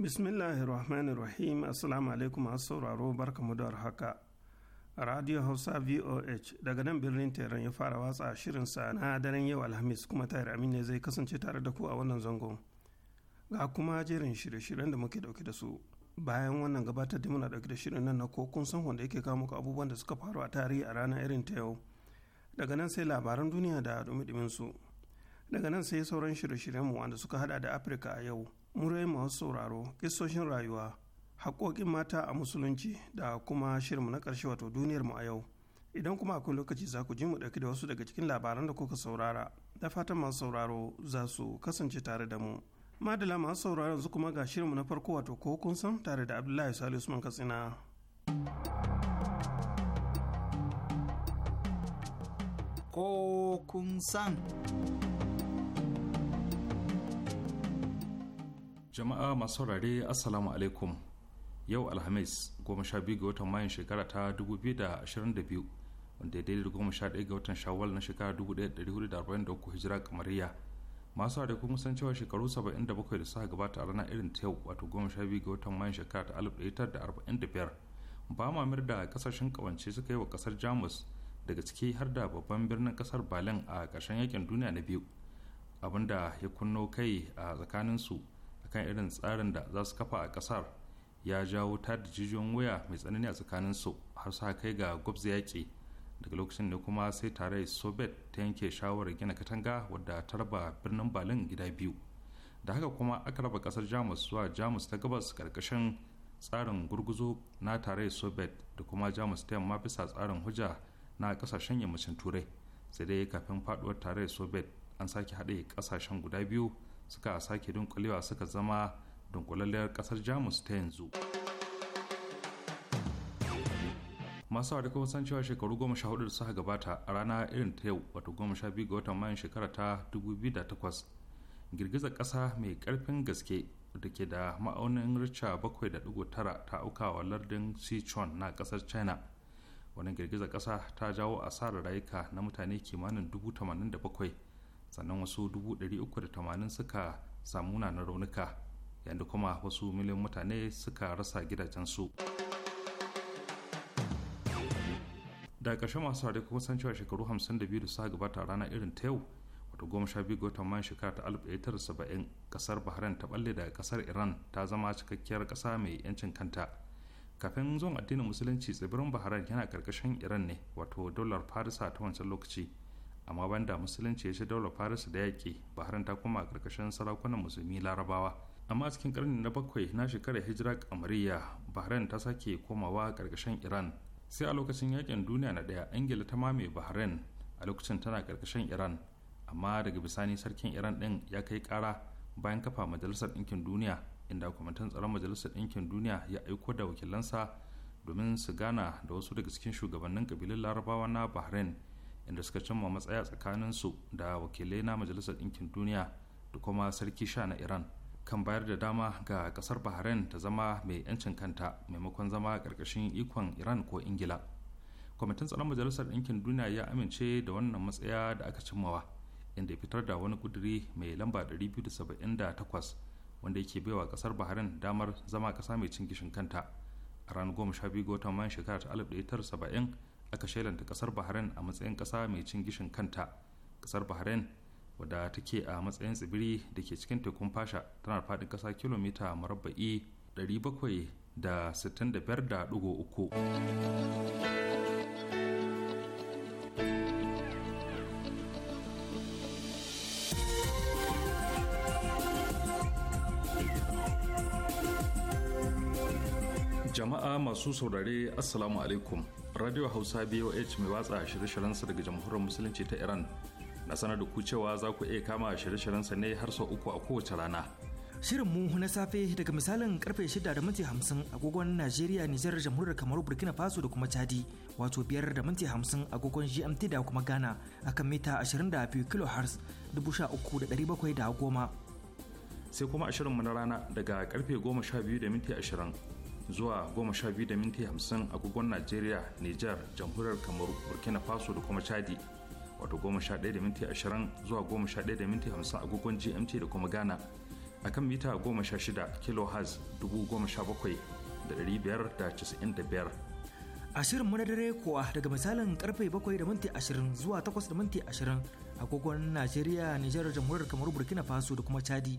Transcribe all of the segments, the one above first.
rahim assalamu alaikum masu sauraro barkamu da haka radio hausa voh daga nan birnin teran ya fara watsa shirin sa na daren yau alhamis kuma tayar amin ne zai kasance tare da ku a wannan zangon ga kuma jerin shirye-shiryen da muke dauke da su bayan wannan gabatar da muna dauke da shirin nan na ko kun san wanda yake kawo muku abubuwan da suka faru a tarihi a ranar irin ta yau daga nan sai labaran duniya da dumi su daga nan sai sauran shirye-shiryen mu wanda suka hada da afirka a yau murai masu sauraro kisoshin rayuwa haƙoƙin mata a musulunci da kuma shirinmu na ƙarshe wato duniyar mu a yau idan kuma akwai lokaci za ku ji mu ɗauki da wasu daga cikin labaran da kuka saurara da fatan masu sauraro za su kasance tare da mu madala masu sauraro yanzu kuma ga shirinmu na farko wato ko kun san tare da abdullahi salisu usman katsina ko kun san jama'a masu saurare assalamu alaikum yau alhamis goma sha biyu ga watan mayun shekara ta 2022 wanda ya daidai goma sha ɗaya ga watan shawwal na shekara 1443 hijira kamariya masu da kuma san cewa shekaru 77 da suka gabata a ranar irin ta yau wato goma sha biyu ga watan mayun shekara ta 1945 ba mamir da kasashen kawance suka yi wa kasar jamus daga ciki har da babban birnin kasar berlin a ƙarshen yakin duniya na biyu abinda ya kunno kai a tsakaninsu kan irin tsarin da za su kafa a kasar ya jawo ta da jijiyoyin wuya mai tsanani a tsakanin su har su kai ga gwabza yaƙi daga lokacin ne kuma sai tare soviet ta yanke shawarar gina katanga wadda ta raba birnin berlin gida biyu da haka kuma aka raba kasar jamus zuwa jamus ta gabas karkashin tsarin gurguzo na tare soviet da kuma jamus ta yamma bisa tsarin hujja na kasashen yammacin turai sai dai kafin faduwar tare soviet an sake haɗe kasashen guda biyu suka sake dunkulewa suka zama dunkulalliyar kasar jamus ta yanzu masu da kuma san cewa shekaru goma sha hudu da suka gabata a rana irin ta yau wato goma sha biyu ga watan mayan shekara ta 2008 girgizar kasa mai karfin gaske da ke da ma'aunin richa tara ta auka wa lardin sichuan na kasar china wani girgizar kasa ta jawo asarar rayuka na mutane kimanin bakwai sannan wasu 380 suka samu na raunuka yadda kuma wasu miliyan mutane suka rasa gidajensu da ƙarshe masu haɗe kuma san cewa shekaru 52 da suka gabata rana irin ta yau wato goma sha biyu ga watan man shekara ta 1970 kasar bahrain ta balle daga kasar iran ta zama cikakkiyar ƙasa mai yancin kanta kafin zuwan addinin musulunci tsibirin bahrain yana ƙarƙashin iran ne wato dolar farisa ta wancan lokaci amma banda musulunci ya ci daular farisa da yaƙi bahrain ta koma a ƙarƙashin sarakunan musulmi larabawa amma a cikin ƙarni na bakwai na shekarar hijira kamariya bahrain ta sake komawa ƙarƙashin iran sai a lokacin yaƙin duniya na ɗaya ingila ta mame bahrain a lokacin tana ƙarƙashin iran amma daga bisani sarkin iran ɗin ya kai ƙara bayan kafa majalisar ɗinkin duniya inda kwamitin tsaron majalisar ɗinkin duniya ya aiko da wakilansa domin su gana da wasu daga cikin shugabannin ƙabilun larabawa na bahrain inda suka cimma matsaya tsakanin su da wakilai na majalisar ɗinkin duniya da kuma sarki sha na iran kan bayar da dama ga kasar bahrain ta zama mai 'yancin kanta maimakon zama ƙarƙashin ikon iran ko ingila kwamitin tsaron majalisar ɗinkin duniya ya amince da wannan matsaya da aka cimmawa inda ya fitar da wani kuduri mai lamba 278 wanda yake baiwa kasar bahrain damar zama ƙasa mai cin gishin kanta a ranar 12 ga watan mayan shekara ta 1970 aka shelanta kasar bahrain a matsayin kasa mai cin gishin kanta kasar bahrain wadda take a matsayin tsibiri da ke cikin tekun fasha tana faɗin ƙasa kilomita marabba'i 765.3 jama'a masu saurare assalamu alaikum radio hausa boh mai watsa shirye shiryen sa daga jamhuriyar musulunci ta iran na sanar da ku cewa za ku iya kama shirye shiryen sa ne har sau uku a kowace rana Shirinmu na safe daga misalin karfe shida da minti 50 agogon Najeriya, Nijar, Jamhuriyar Kamaru, Burkina Faso da kuma Chadi, wato biyar da minti 50 agogon GMT da kuma Ghana akan mita 22 kHz 13,710. Sai kuma a shirinmu na rana daga karfe 12 da minti 20 zuwa biyu da minti hamsin, agogon Najeriya, Nijar, Jamhuriyar Kamaru, Burkina Faso da kuma Chadi. Wato ɗaya da minti ashirin zuwa ɗaya da minti hamsin agogon GMT da kuma Ghana. A kan mita 16 kHz 17,595. A mu na dare kuwa daga misalin karfe bakwai da minti ashirin zuwa takwas da minti ashirin agogon Najeriya, Nijar, Jamhuriyar Kamaru, Burkina Faso da kuma Chadi.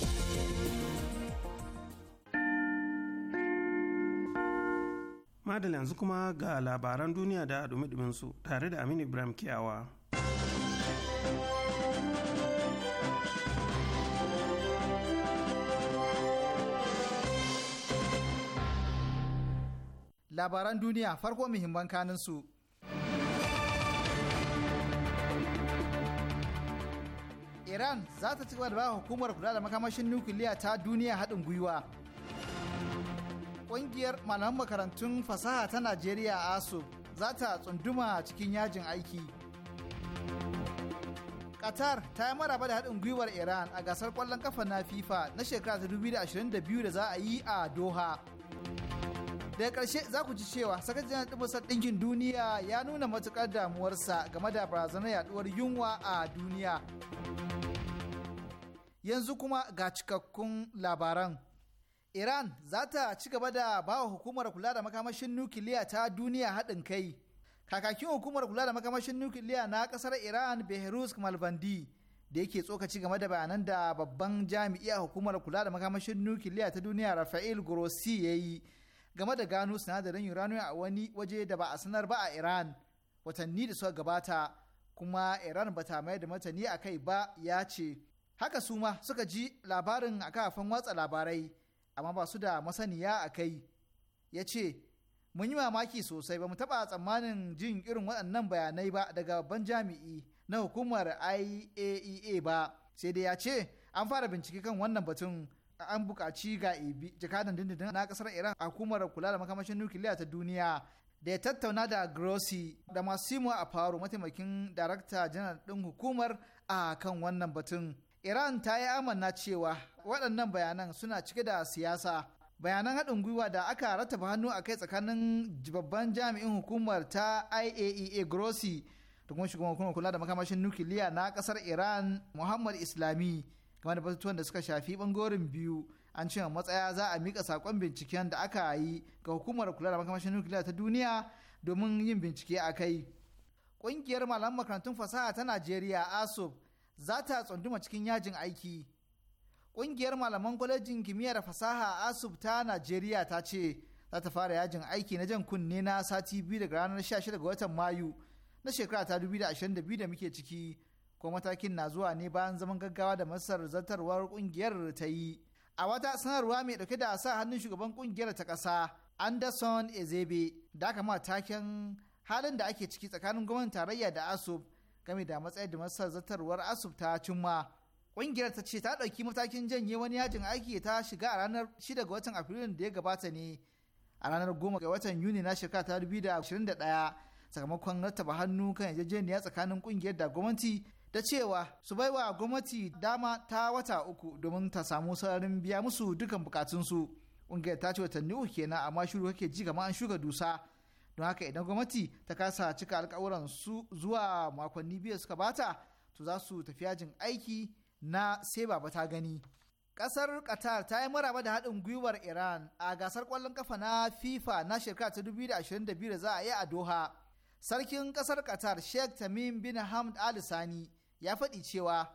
madal yanzu kuma ga labaran duniya da dumi su tare da aminu ibrahim kiyawa labaran duniya farko muhimman kanin iran za ta ci gaba da ba hukumar kula da makamashin nukiliya ta duniya haɗin gwiwa Kungiyar malaman makarantun fasaha ta Najeriya ASU za ta tsunduma cikin yajin aiki. Qatar ta yi maraba da haɗin gwiwar Iran a gasar ƙwallon kafa na FIFA na shekara ta 2022 da za a yi a Doha. Daga ƙarshe za ku ji cewa sakataren ɗimbusar ɗinkin duniya ya nuna matuƙar damuwarsa game da barazanar yaɗuwar yunwa a duniya. Yanzu kuma ga cikakkun labaran. Iran za ta ci gaba da bawa hukumar kula da makamashin nukiliya ta duniya haɗin kai. Kakakin hukumar kula da makamashin nukiliya na ƙasar Iran Behrus Malbandi da yake tsokaci game da bayanan da babban jami'i hukumar kula da makamashin nukiliya ta duniya Rafael Grossi ya yi game da gano sinadarin uranium a wani waje da ba a sanar ba a Iran watanni da suka gabata kuma Iran ba ta mai da matani a kai ba ya ce. Haka su ma suka ji labarin a kafan watsa labarai. amma ba su da masaniya a kai ya ce mun yi mamaki sosai ba mu taɓa tsammanin jin irin waɗannan bayanai ba daga babban jami'i na hukumar iaea e ba sai dai ya ce an fara bincike kan wannan batun an buƙaci ga ibi jakadan dindindin na ƙasar iran a hukumar kula da makamashin nukiliya ta duniya da ya tattauna da grossi da masimo a paro mataimakin darakta janar ɗin hukumar a kan wannan batun Iran ta yi amanna cewa waɗannan bayanan suna cike da siyasa. Bayanan haɗin gwiwa da aka rataba hannu a kai tsakanin babban jami'in hukumar ta IAEA e Grossi da kuma shugaban hukumar kula da makamashin nukiliya na ƙasar Iran Muhammad Islami game da batutuwan da suka shafi ɓangoren biyu an cewa matsaya za a mika sakon binciken da aka yi ga hukumar kula da makamashin nukiliya ta duniya domin yin bincike a kai. Ƙungiyar malaman makarantun fasaha ta Najeriya ASUP za ta tsunduma cikin yajin aiki. Ƙungiyar malaman kwalejin kimiyyar fasaha asub ta Najeriya ta ce za ta fara yajin aiki na jan kunne na sati biyu daga ranar 16 ga watan Mayu na shekara ta 2022 da muke ciki. Ko matakin na zuwa ne bayan zaman gaggawa da masar zartarwar ƙungiyar ta yi. A wata sanarwa mai ɗauke da sa hannun shugaban ƙungiyar ta ƙasa Anderson Ezebe da aka ma taken halin da ake ciki tsakanin gwamnatin tarayya da asub game da matsayar da masar zartarwar asub ta cimma ƙungiyar ta ce ta ɗauki matakin janye wani yajin aiki ta shiga a ranar 6 ga watan afrilun da ya gabata ne a ranar 10 ga watan yuni na shekara ta 2021 sakamakon rattaba hannu kan yarjejeniya tsakanin ƙungiyar da gwamnati da cewa su bai wa gwamnati dama ta wata uku domin ta samu sararin biya musu dukan bukatunsu ƙungiyar ta ce watanni uku kenan amma shiru kake ji kamar an shuka dusa don haka idan gwamnati ta kasa cika alkawuran su zuwa makonni biyu suka bata to za su tafi yajin aiki na sai baba ta gani kasar qatar ta yi maraba da haɗin gwiwar iran a gasar kwallon kafa na fifa na shekara ta 2022 da za a yi a doha sarkin kasar qatar sheikh tamim bin hamd al sani ya faɗi cewa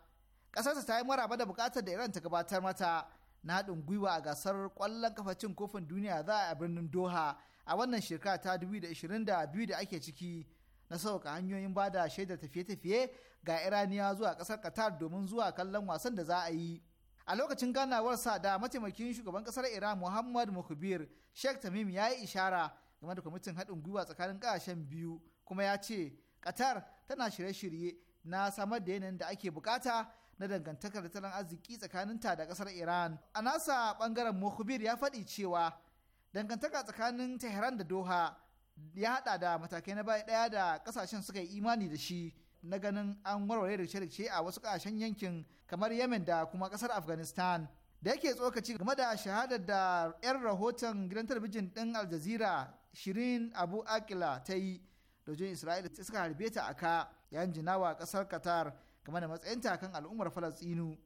ƙasarsa ta yi maraba da buƙatar da iran ta gabatar mata na haɗin gwiwa a gasar kwallon kafa cin kofin duniya za a birnin doha a wannan shekara ta 2022 da ake ciki na sauka hanyoyin ba da shaidar tafiye-tafiye ga iraniya zuwa kasar qatar domin zuwa kallon wasan da za a yi a lokacin ganawarsa da mataimakin shugaban kasar iran muhammad mukbir sheikh tamim ya yi ishara game da kwamitin haɗin gwiwa tsakanin ƙasashen biyu kuma ya ce qatar tana shirye-shirye na samar da yanayin da ake bukata na dangantakar tattalin arziki tsakanin ta da kasar iran a nasa bangaren mukbir ya faɗi cewa dangantaka tsakanin tehran da doha ya hada da matakai na baya daya da kasashen suka yi imani da shi na ganin an warware rikice-rikice a wasu kasashen yankin kamar yemen da kuma kasar afghanistan da yake tsokaci game da shahadar da 'yan rahoton gidan talabijin ɗin aljazira shirin abu akila ta yi dojin isra'ila ta suka harbe ta a ka yayin jinawa kasar qatar game da matsayin takan al'ummar falastinu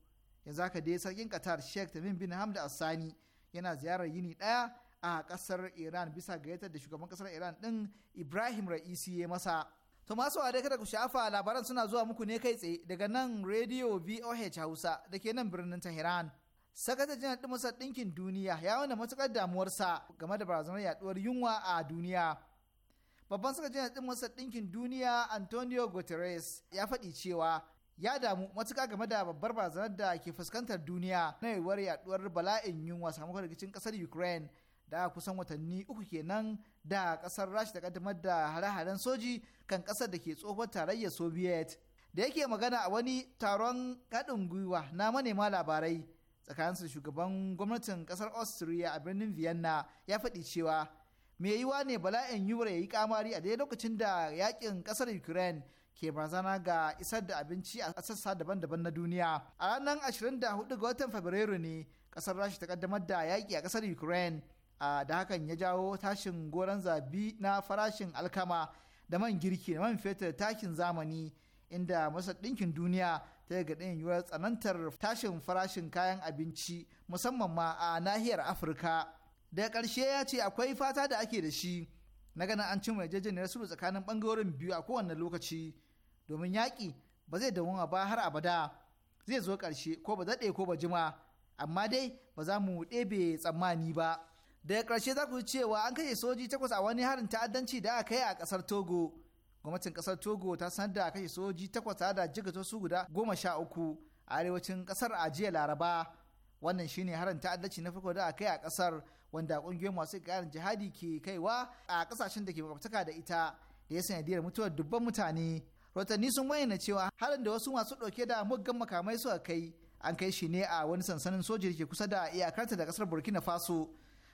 yanzu haka dai sarkin qatar sheikh tamim bin hamda assani yana ziyarar yini ɗaya a kasar iran bisa gayyatar da shugaban kasar iran din ibrahim ra'isi ya masa to masu wa kada ku shafa labaran suna zuwa muku ne kai tsaye daga nan radio voh hausa da ke nan birnin tehran sakata janar masar ɗinkin duniya ya wani matukar damuwarsa game da barazanar yaduwar yunwa a duniya babban saka din masar ɗinkin duniya antonio guterres ya faɗi cewa ya damu matuƙa game da babbar barazanar da ke fuskantar duniya na yiwuwar yaduwar bala'in yunwa sakamakon rikicin ƙasar ukraine da kusan watanni uku kenan da kasar rasha ta kaddamar da hare-haren soji kan kasar da ke tsohon tarayyar soviet da yake magana a wani taron haɗin gwiwa na manema labarai tsakaninsu shugaban gwamnatin kasar austria a birnin vienna ya faɗi cewa mai yiwa ne bala'in yura ya yi kamari a daya lokacin da yakin kasar ukraine ke barazana ga isar da abinci a sassa daban-daban na duniya a ranar 24 ga watan fabrairu ne kasar rasha ta kaddamar da yaƙi a kasar ukraine A da hakan ya jawo tashin goron zabi na farashin alkama da man girki da man fetur takin zamani inda masa ɗinkin duniya ta yi gaɗin yiwuwar tsanantar tashin farashin kayan abinci musamman ma a nahiyar afirka daga ƙarshe ya ce akwai fata da ake da shi na ganin an cimma yarjejeniyar sulhu tsakanin ɓangarorin biyu a kowane lokaci domin yaƙi ba zai da ba har abada zai zo ƙarshe ko ba daɗe ko ba jima amma dai ba za mu ɗebe tsammani ba. daga ƙarshe za ku ji cewa an kashe soji takwas a wani harin ta'addanci da aka kai a ƙasar togo gwamnatin ƙasar togo ta sanar da kashe soji takwas da jigato su guda goma sha uku a arewacin ƙasar a jiya laraba wannan shine harin ta'addanci na farko da aka kai a ƙasar wanda ƙungiyoyin masu ƙarin jihadi ke kaiwa a kasashen da ke makwabtaka da ita da ya sanadiyar mutuwar dubban mutane rotanni sun bayyana cewa harin da wasu masu ɗauke da muggan makamai suka kai an kai shi ne a wani sansanin soji da ke kusa da iyakarta da ƙasar burkina faso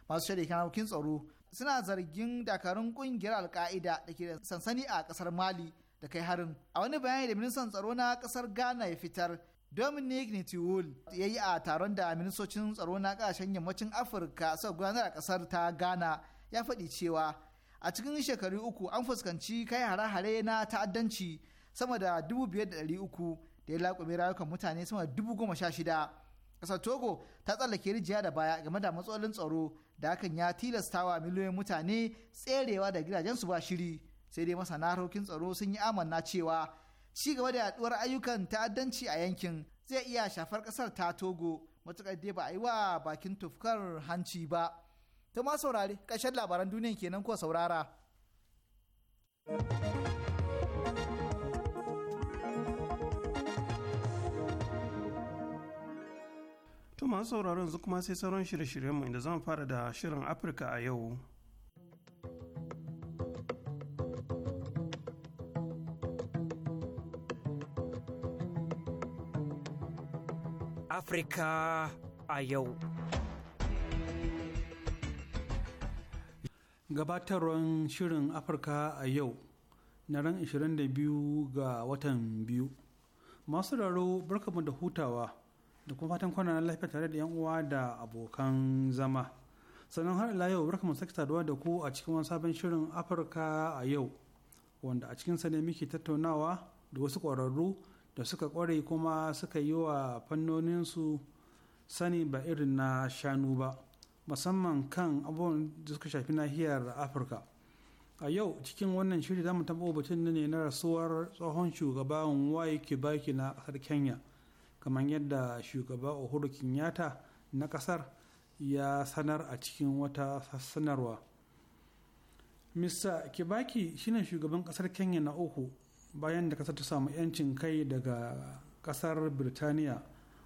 masu shirya kanakin tsaro suna zargin dakarun kungiyar alka'ida da ke sansani a kasar mali da kai harin a wani bayani da ministan tsaro na kasar ghana ya fitar dominic nitiwul ya yi a taron da ministocin tsaro na kasashen yammacin afirka suka gudanar a kasar ta ghana ya faɗi cewa a cikin shekaru uku an fuskanci kai hare-hare na ta'addanci sama da dubu biyar da ɗari uku da ya laƙumi rayukan mutane sama da dubu goma sha shida kasar togo ta tsallake rijiya da baya game da matsalolin tsaro da hakan ya tilastawa miliyoyin mutane tserewa da gidajensu ba shiri sai dai masana harkokin tsaro sun yi amanna cewa ci gaba da yaduwar ayyukan ta'addanci a yankin zai iya shafar kasar ta togo matukar dai ba a yi wa bakin tufkar hanci ba ta ma saurare ƙarshen labaran duniya kenan ko saurara. To masu sauraron yanzu kuma sai sauran shirye-shiryenmu inda zan fara da shirin Afirka a yau. Afirka a yau. Gabatarwar shirin Afirka a yau na ran 22 ga watan biyu. Masu raro barkamu da hutawa. da kuma fatan kwana lafiya tare da yan uwa da abokan zama sannan har ila yau barkamu sake saduwa da ku a cikin wani sabon shirin afirka a yau wanda a cikin sa ne muke tattaunawa da wasu ƙwararru da suka ƙware kuma suka yi wa fannonin su sani ba irin na shanu ba musamman kan abubuwan da suka shafi nahiyar afirka a yau cikin wannan shirin za mu da ne na rasuwar tsohon shugaban waye baki na ƙasar kenya kamar yadda shugaba uhuru kenyatta na kasar ya sanar a cikin wata sanarwa mr kibaki shine shugaban kasar kenya na uku bayan da kasar ta samu 'yancin kai daga kasar birtaniya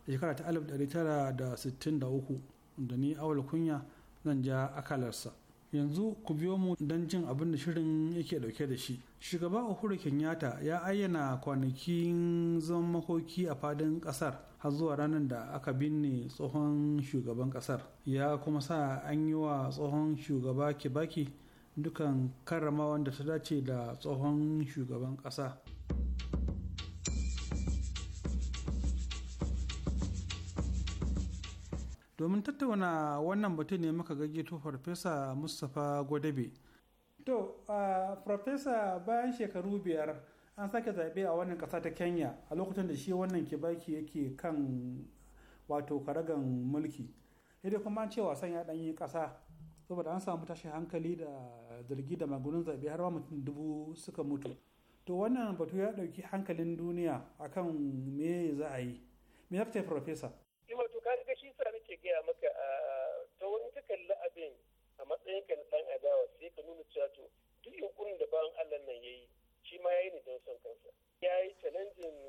a shekara ta 1963 da ni awal kunya zan ja akalarsa yanzu ku biyo mu don jin abin da shirin yake dauke da shi shugaba uhuru kenyatta ya ayyana kwanakin zaman makoki a fadin kasar har zuwa ranar da aka binne tsohon shugaban kasar ya kuma sa an yi wa tsohon shugaba kibaki dukan karrama wanda ta dace da tsohon shugaban kasa domin tattauna wannan batun ne muka to farfesa mustapha gwadabe to farfesa bayan shekaru biyar an sake zaɓe a wannan ƙasa ta kenya a lokacin da shi wannan ke kibaki yake kan wato karagan mulki sai kuma an ce wasan ya ɗanyi ƙasa saboda an samu tashin hankali da zargi da magunin zaɓe har ma mutum dubu suka mutu to wannan batu ya ɗauki hankalin duniya akan me za a yi me ya fita farfesa gaya maka a ta wani ka kalli abin a matsayin ka dan adawa sai ka nuna cewa to duk yunkurin da bayan Allah nan yayi shi ma yayi ne don son kansa ya yi challenging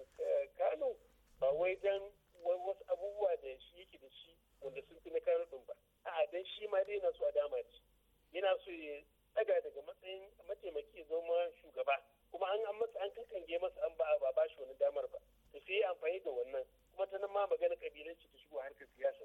Kano ba wai dan wasu abubuwa da shi yake da shi wanda sun fi na Kano din ba a'a dan shi ma dai yana so a dama ci yana so ya tsaga daga matsayin mataimaki ya zama shugaba kuma an an masa an kankange masa an ba a ba shi wani damar ba to sai amfani da wannan kuma ta nan ma magana kabilanci ta shigo harkar siyasa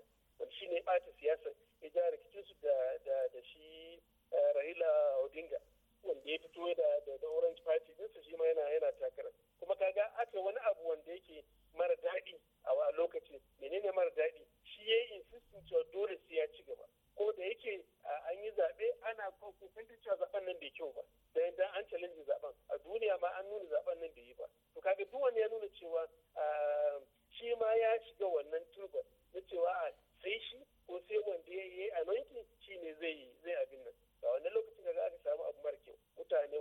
shi ne ɓata siyasa ya ja su da shi eh, rahila odinga wanda ya fito da da orange party dinsa shi ma yana yana takara kuma kaga aka wani abu wanda yake mara daɗi a lokacin menene mara daɗi shi ya yi insistin cewa dole sai ya ci gaba ko da yake an yi zaɓe ana kokarin cewa zaɓen nan bai kyau ba dan dan an challenge zaɓen a duniya ma an nuna zaɓen nan bai yi ba to kaga duk wani ya nuna cewa ah, shi ma ya shiga wannan turban na cewa a ah, sai shi ko sai wanda ya yi anointing shi ne zai yi zai abin nan a wannan lokacin da aka samu abu mara kyau mutane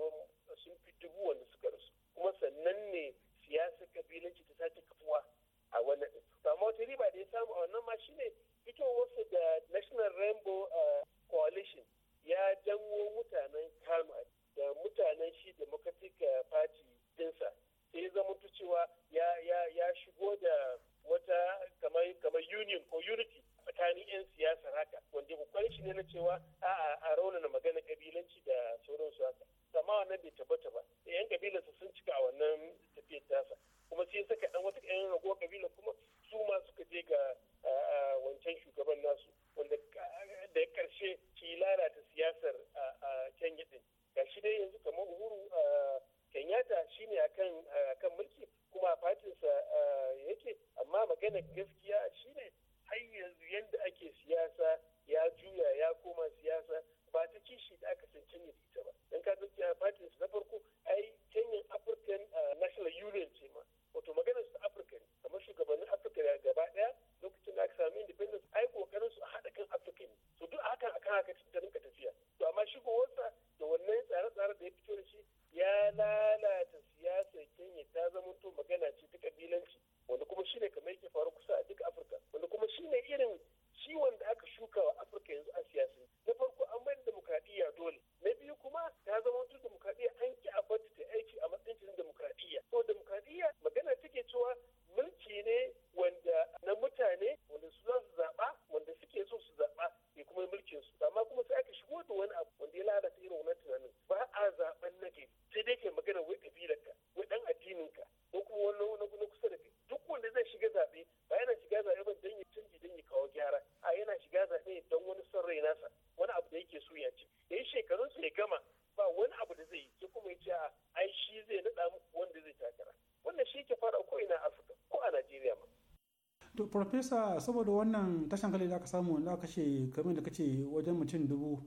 sun fi dubu wanda suka rasu kuma sannan ne siyasar kabilanci ta sake kafuwa a wannan ɗin to amma wata riba da ya samu a wannan ma shine fitowarsa da national rainbow eh, coalition ya janwo mutanen kano da mutanen shi democratic eh, party dinsa sai ya zama cewa ya shigo da wata kamar union ko unity tsakanin 'yan siyasar haka wanda kokarin shi ne na cewa a a raunana magana kabilanci da sauransu haka amma wannan bai tabbata ba yan kabilarsa sun cika a wannan tafiyar tasa kuma sai saka dan wata yan rago kabila kuma su ma suka je ga wancan shugaban nasu wanda da karshe ki lalata siyasar a kenya din gashi dai yanzu kamar uhuru kenyatta shine akan akan mulki kuma a fatinsa eh, yake amma magana gaskiya shine har yanzu yadda ake siyasa ya juya ya koma siyasa ba ta kishi da aka san kenya da ita ba don ka dauki a fatin na farko ai kenyan african eh, national union ce ma wato magana su afirka ne kamar shugabannin afirka gaba daya Profesa saboda wannan tashan hankali da aka samu wanda aka ce kamar da kace wajen mutum dubu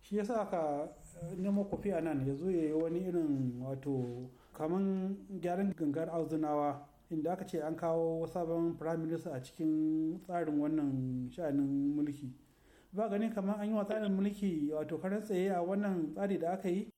shi yasa aka eh, nemo kofi a nan ya zo ya yi wani irin wato kamar gyaran gangar arzunawa inda aka ce an kawo sabon prime minister a cikin tsarin wannan sha'anin mulki ba gani kamar an yi wa tsarin mulki wato karan tsaye a wannan tsari da aka yi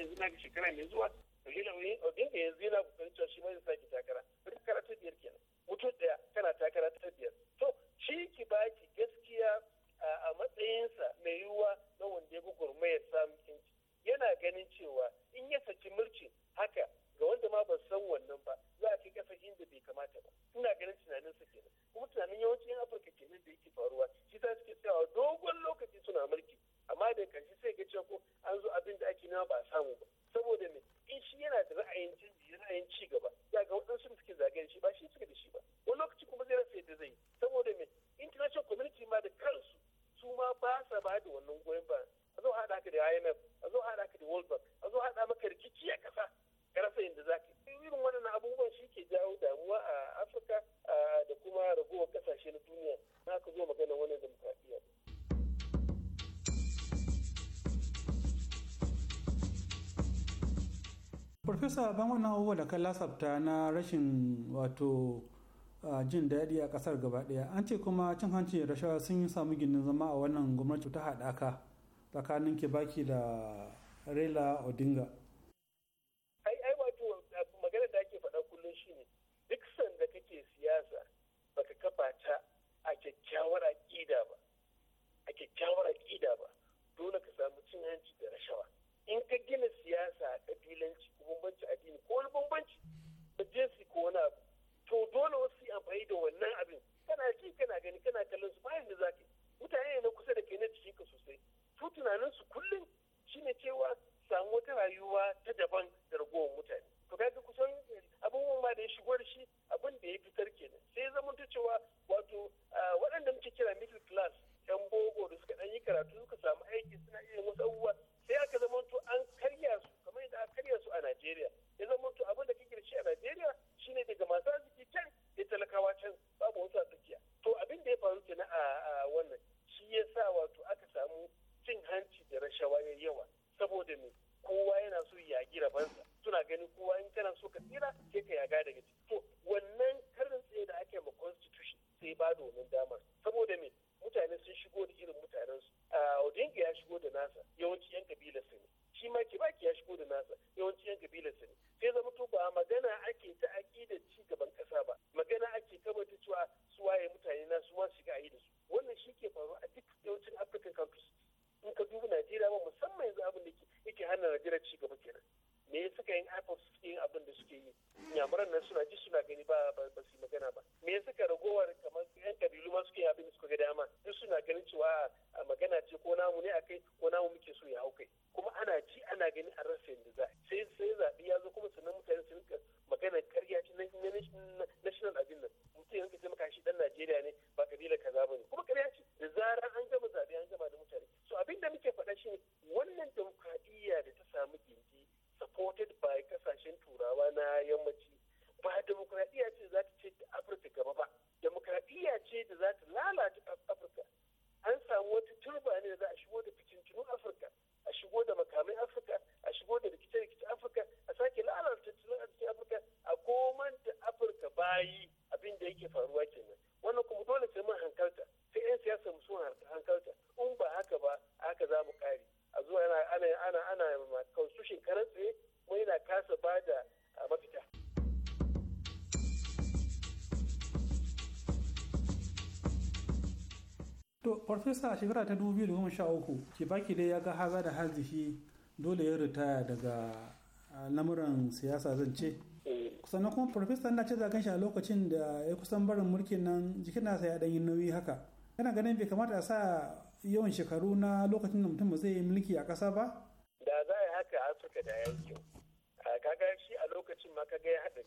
yanzu na shekara mai zuwa sababan wannan abubuwa da kan lasafta na rashin wato ah, jin daɗi a ƙasar gaba ɗaya an ce kuma cin hanci da rashawa sun yi samu ginin zama a wannan gwamnati ta haɗaka tsakanin kibaki da rela odinga ba da wannan damar saboda me mutane sun shigo da irin mutanen su ah, a ya shigo da nasa yawanci farfesa a shekara ta 2013 kibaki dai ya ga haza da hazihi dole ya ritaya daga lamuran siyasa zan ce eh. sannan kuma farfesa na ce zagan shi a lokacin da ya kusan barin mulkin nan jikin nasa ya ɗanyi nauyi haka yana ganin bai kamata a sa yawan shekaru na lokacin da mutum zai yi mulki a ƙasa ba da za a yi haka suka da yankin a kaga shi a lokacin ma kaga ya haɗari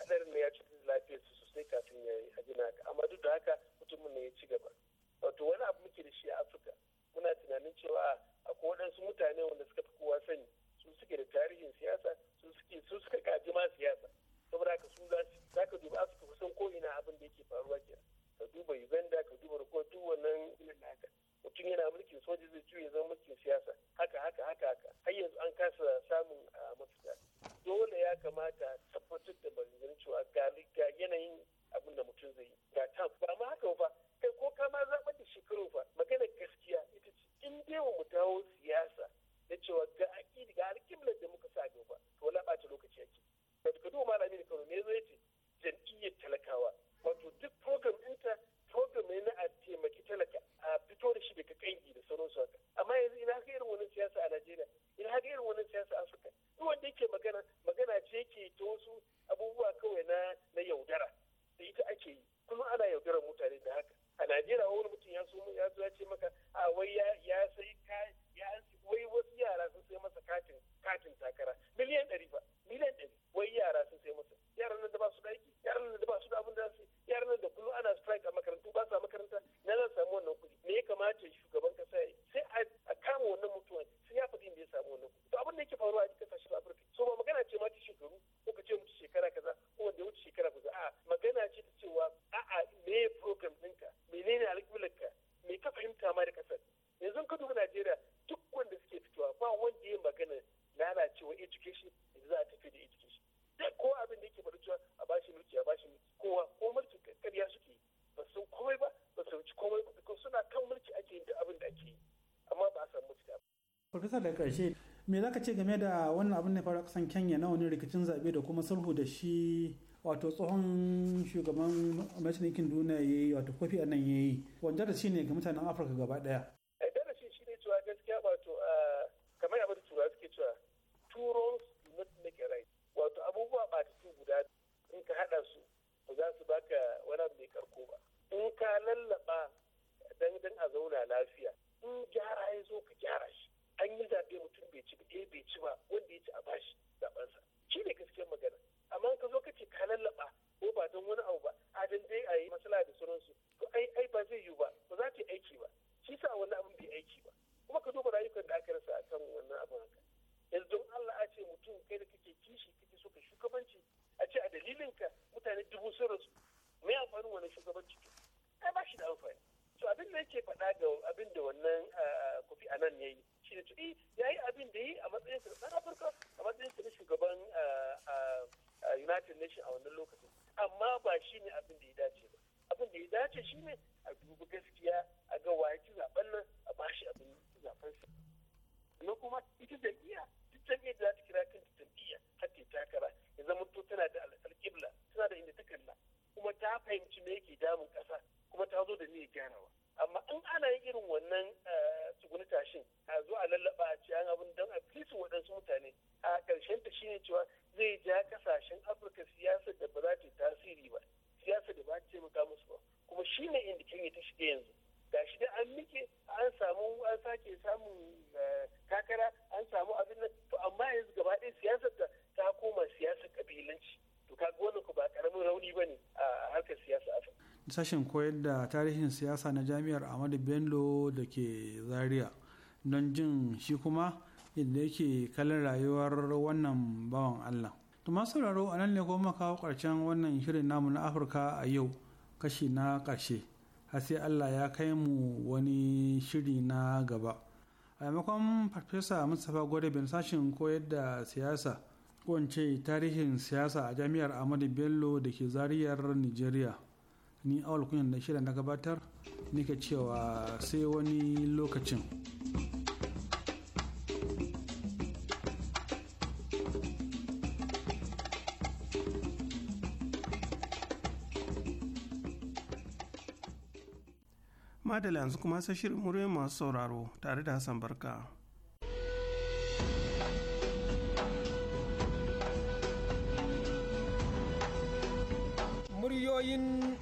haɗarin da ya cutar da sosai kafin ya yi a gina haka amma duk da haka mutumin ne ya ci gaba wato wani abu muke da shi a afirka muna tunanin cewa akwai wadansu mutane wanda suka fi kowa sani su suke da tarihin siyasa su suke su suka kaji ma siyasa saboda haka su za su za ka duba afirka kusan ko ina abin da yake faruwa ke ka duba uganda ka duba ko duk wannan irin haka mutum yana mulkin soja zai juya zama mulkin siyasa haka haka haka haka har yanzu an kasa samun ah, mafita dole ya kamata tabbatar da maganganun cewa ga yanayin abin da mutum zai yi ga ta ba ma haka ba kai ko ka ma zaɓar da shekaru ba maganar gaskiya ita ce in dai mu dawo siyasa da cewa ga aƙidi ga alƙiblar da muka sa gaba to wala ɓata lokaci ake da duka duk malami da kano ne zai ce jam'iyyar talakawa wato duk program ɗinta program ne na a taimaki talaka a fito da shi daga kangi da sauransu haka amma yanzu ina haka irin wannan siyasa a najeriya ina haka irin wannan siyasa a afirka duk wanda yake magana magana ce ke ta wasu abubuwa kawai na na yaudara da ita ake yi kuma ana yaudarar mutane da haka a najeriya wani mutum ya so ya zo ya ce maka a wai ya sai ka ya wai wasu yara sun sai masa katin katin takara miliyan ɗari ba miliyan ɗari wai yara sun sai masa yaran nan da ba su da aiki yaran nan da ba su da abin da su yaran nan da kullum ana strike a makarantu ba sa makaranta na za samu wannan kuɗi me ya kamata shugaban kasa ya sai a kama wannan mutuwa sai ya faɗi da ya samu wannan kuɗi to abin da yake faruwa a kasashen Afirka so ba magana ce ma ta shekaru ko ka ce mutu shekara kaza ko wanda ya wuce shekara kaza a magana ce ta cewa a'a me program ɗinka menene alƙiblarka me ka fahimta ma da kasar yanzu ka duba Najeriya duk wanda suke fitowa ba wanda ya magana lalacewa education yanzu za a tafi da education duk ko abin da yake faru cewa a bashi mulki a bashi mulki kowa ko mulki ƙarya suke ba su komai ba ba su wuce komai ba ko suna kan mulki ake yin abin da ake yi amma ba a san mulki da Farfesa da ƙarshe me za ka ce game da wannan abin da faru kasan Kenya na wani rikicin zaɓe da kuma sulhu da shi wato tsohon shugaban mashinikin duniya ya yi wato kofi a nan ya yi wanda da shi ne ga mutanen Afirka gaba ɗaya. sashen koyar da tarihin siyasa na jami'ar ahmadu bello da ke zaria don jin shi kuma inda yake kallon rayuwar wannan bawan allah to sauraro a nan ne kuma kawo ƙarshen wannan shirin namu na afirka a yau kashi na ƙarshe har sai allah ya kai mu wani shiri na gaba a maimakon farfesa mustapha gwada bin sashen koyar da siyasa ko tarihin siyasa a jami'ar ahmadu bello da ke zariyar nijeriya. ni awal kunyan da shirin na gabatar nika cewa sai wani lokacin madala yanzu kuma sai shirin murya masu sauraro tare da hassan barka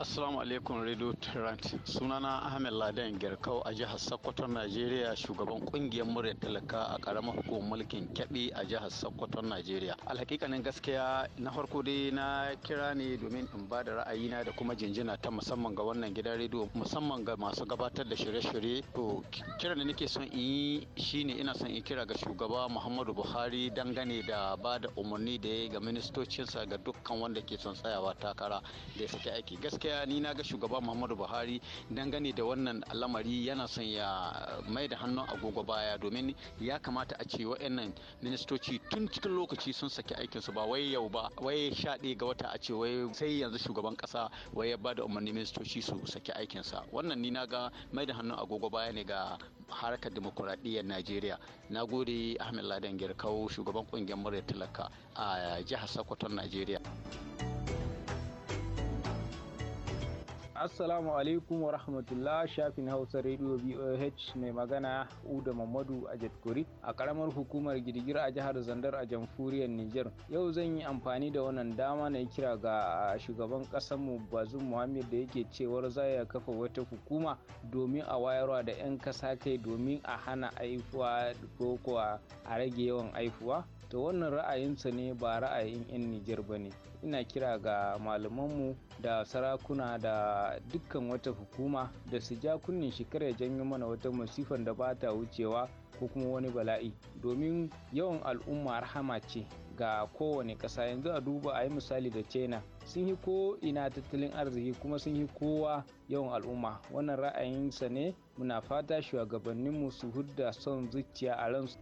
Assalamu alaikum Radio Tyrant. Sunana Ahmed Laden Girkau a jihar Sokoto, Najeriya, shugaban kungiyar murya talaka a karamar hukumar mulkin Kebbi a jihar Sokoto, Najeriya. Alhakikanin gaskiya na farko dai na kira ne domin in ba da ra'ayina da kuma jinjina ta musamman ga wannan gidan radio musamman ga masu gabatar da shirye-shirye. To kiran da nake son in yi shine ina son in kira ga shugaba Muhammadu Buhari dangane da ba da umarni da ya yi ga ministocinsa ga dukkan wanda ke son tsayawa takara da ya sake aiki. Gaskiya gaskiya ni na ga shugaba muhammadu buhari dangane da wannan lamari yana son ya mai da hannun agogo baya domin ya kamata a ce wa'annan ministoci tun cikin lokaci sun saki aikinsu ba wai yau ba wai sha ga wata a ce wai sai yanzu shugaban kasa wai ya ba da umarni ministoci su saki aikinsa wannan ni na ga mai da hannun agogo baya ne ga harkar dimokuraɗiyyar najeriya na gode ahmed ladan girkau shugaban ƙungiyar murya talaka a jihar sokoton najeriya Assalamu alaikum wa rahmatullah shafin Hausa Radio BOH mai magana Uda Mamadu a a karamar hukumar girgir a jihar Zandar a jamhuriyar Nijar. Yau zan yi amfani da wannan dama na kira ga shugaban mu Bazum Muhammad da yake cewar za ya kafa wata hukuma domin a wayarwa da 'yan kasa kai domin a hana aifuwa ko a rage yawan aifuwa. to wannan ra'ayinsa ne ba ra'ayin 'yan nijar ba ne ina kira ga malamanmu da sarakuna da dukkan wata hukuma da su ja kunnen shekara ya janyo mana wata masifan da ba ta wucewa ko kuma wani bala'i domin yawan al'umma rahama ce ga kowane ƙasa yanzu a duba a yi misali da china sun yi ko ina tattalin arziki kuma sun yi kowa yawan al'umma wannan ra'ayinsa ne muna fata shugabanninmu su hudda son zuciya a ransu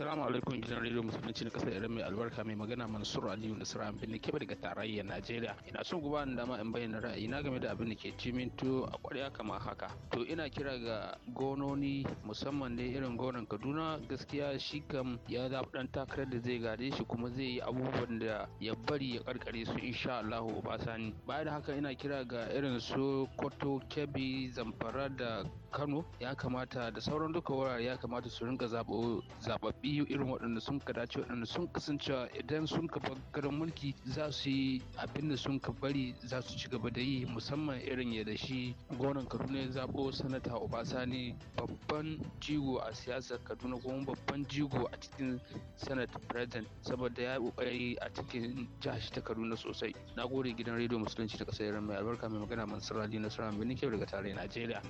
Assalamu alaikum gidan rediyo musulunci na kasar Iran mai albarka mai magana Mansur Aliyu da Sura bin kebe daga tarayyar Najeriya. Ina son guba da dama in bayyana Na game da abin da ke ci a kwarya kamar haka. To ina kira ga gononi musamman dai irin gonan Kaduna gaskiya shi kam ya zaɓi ɗan takarar da zai gare shi kuma zai yi abubuwan da ya bari ya ƙarƙare su insha Allah ba sani. Bayan haka ina kira ga irin su Koto, Kebbi, Zamfara da Kano ya kamata da sauran duka wurare ya kamata su rinka zaɓo zaɓaɓɓi jam'iyyu irin waɗanda sun ka dace waɗanda sun kasancewa idan sun ka bar garin mulki za su yi abin da sun ka bari za su ci gaba da yi musamman irin ya da shi gonan kaduna ya zaɓo sanata obasani babban jigo a siyasar kaduna kuma babban jigo a cikin senate president saboda ya ƙoƙari a cikin jihar ta kaduna sosai na gode gidan rediyo musulunci ta ƙasar mai albarka mai magana mansur ali nasara mai nake daga tare najeriya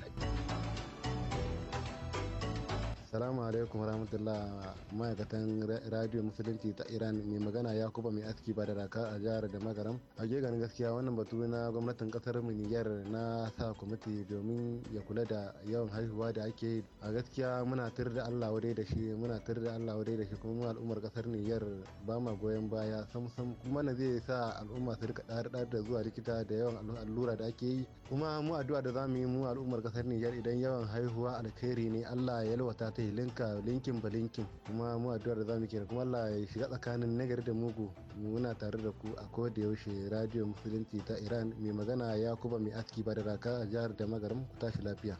Assalamu alaikum rahmatullah ma'aikatan radio musulunci ta Iran mai magana Yakuba mai aski ba da raka a jihar da magaram. A ganin gaskiya wannan batu na gwamnatin kasar Niger na sa kwamiti domin ya kula da yawan haihuwa da ake yi. A gaskiya muna tur da Allah wadai da shi muna tur da Allah wadai da shi kuma mu al'ummar kasar Niger ba ma goyon baya sam sam kuma na zai sa al'umma su rika dar da zuwa likita da yawan allura da ake yi. Kuma mu addu'a da zamu yi mu al'ummar kasar Niger idan yawan haihuwa alkhairi ne Allah ya yalwata ta yi linka linkin ba linkin kuma mu addu'a da zamu kira kuma Allah ya shiga tsakanin nagari da mugu muna tare da ku a da yaushe radio musulunci ta Iran mai magana Yakuba mai aski ba da raka a jihar da magaram ku tashi lafiya.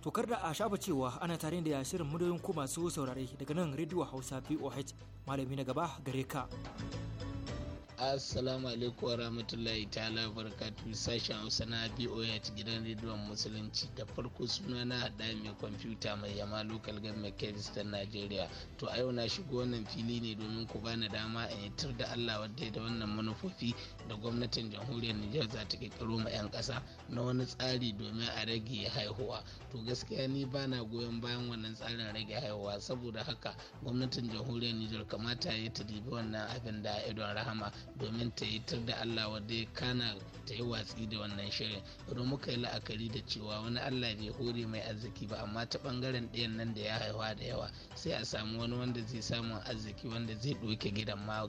Tokar da a shafa cewa ana tare da shirin madoyin ku masu saurare daga nan Radio Hausa VOH malami na gaba gare ka. assalamu alaikum wa rahmatullahi ta'ala barakatu sashen hausa na ci gidan rediyon musulunci da farko suna na hada mai kwamfuta mai yama local government kebis najeriya to a yau na shigo wannan fili ne domin ku bani dama in yitar da allah wadda ya da wannan manufofi da gwamnatin jamhuriyar Nijar za ta kirkiro ma 'yan ƙasa na wani tsari domin a rage haihuwa. To gaskiya ni ba na goyon bayan wannan tsarin rage haihuwa saboda haka gwamnatin jamhuriyar Nijar kamata ya ta dibi wannan abin da idon rahama domin ta yi tar da Allah wadda ya kana ta yi watsi da wannan shirin. Idan muka yi la'akari da cewa wani Allah bai hore mai arziki ba amma ta bangaren ɗayan nan da ya haihuwa da yawa sai a samu wani wanda zai samun arziki wanda zai ɗauke gidan ma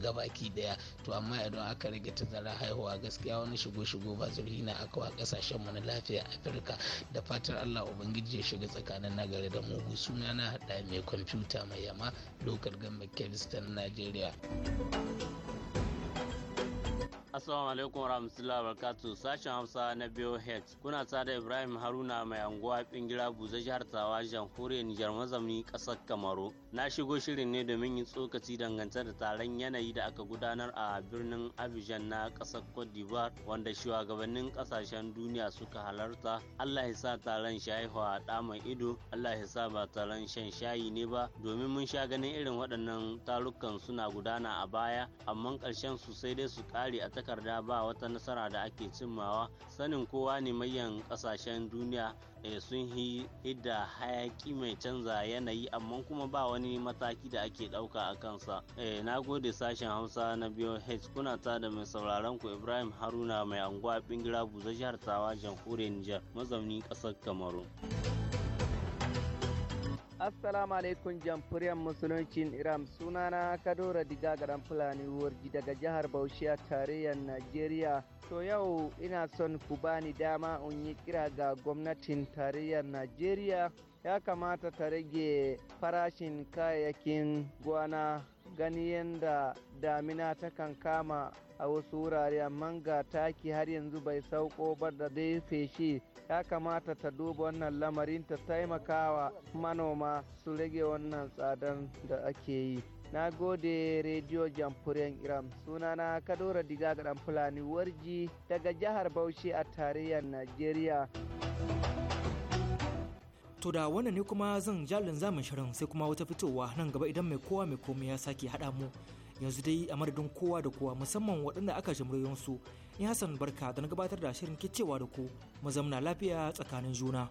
gabaki daya to amma idan aka rage tazarar haihuwa gaskiya wani shigo-shigo ba zurhi na aka wa kasashen mu na lafiya afirka da fatar allah ubangiji ya shiga tsakanin nagari da mugu suna na hada mai kwamfuta mai yama lokal gama kiristan najeriya Assalamu alaikum warahmatullahi wabarakatuh sashen Hausa na bio Health kuna tsada Ibrahim Haruna mai anguwa bingira buza jihar Tawa jamhuriyar Nijar mazamni kasar Kamaru. Na shigo shirin ne domin yin tsokaci dangantar da taron yanayi da aka gudanar a birnin Abidjan na kasar Cote d'Ivoire wanda shugabannin kasashen duniya suka halarta. Allah ya sa taron shayiwa a mai ido, Allah ya sa ba taron shan shayi ne ba domin mun sha ganin irin waɗannan tarukan suna gudana a baya amma ƙarshen su sai dai su ƙare a takarda ba wata nasara da ake cimmawa sanin kowa ne mayan kasashen duniya eh, sun hidda hayaki mai canza yanayi amma kuma ba wani mataki da ake ɗauka a kansa eh, na gode sashen hausa na biyo h kuna ta da mai sauraron ku ibrahim haruna mai anguwa bingira buza jihar tawa jamhuriyar niger mazauni ƙasar kamaru. Assalamu alaikum jamfuriyar musuluncin Iram sunana Kadora Diga garan Fulani Warji daga jihar Bauchi a tarayyar Najeriya. To yau ina son ku bani dama in yi kira ga gwamnatin tarayyar Najeriya ya kamata ta rage farashin kayayyakin gwana gani yadda damina takan kama a wasu wurare amma ga taki har yanzu bai sauko ba da dai feshi ya kamata ta duba wannan lamarin ta taimakawa manoma su rage wannan tsadan da ake yi na gode rediyo jamhuriyar iram sunana kadora diga ga fulani warji daga jihar bauchi a tarayyar najeriya to da wannan ne kuma zan jalin zamun shirin sai kuma wata fitowa nan gaba idan mai kowa mai komai ya sake haɗa mu yanzu dai a madadin kowa da kowa musamman waɗanda aka jimriyon su ni hassan barka da na gabatar da shirin kicewa da ku mu zamna lafiya tsakanin juna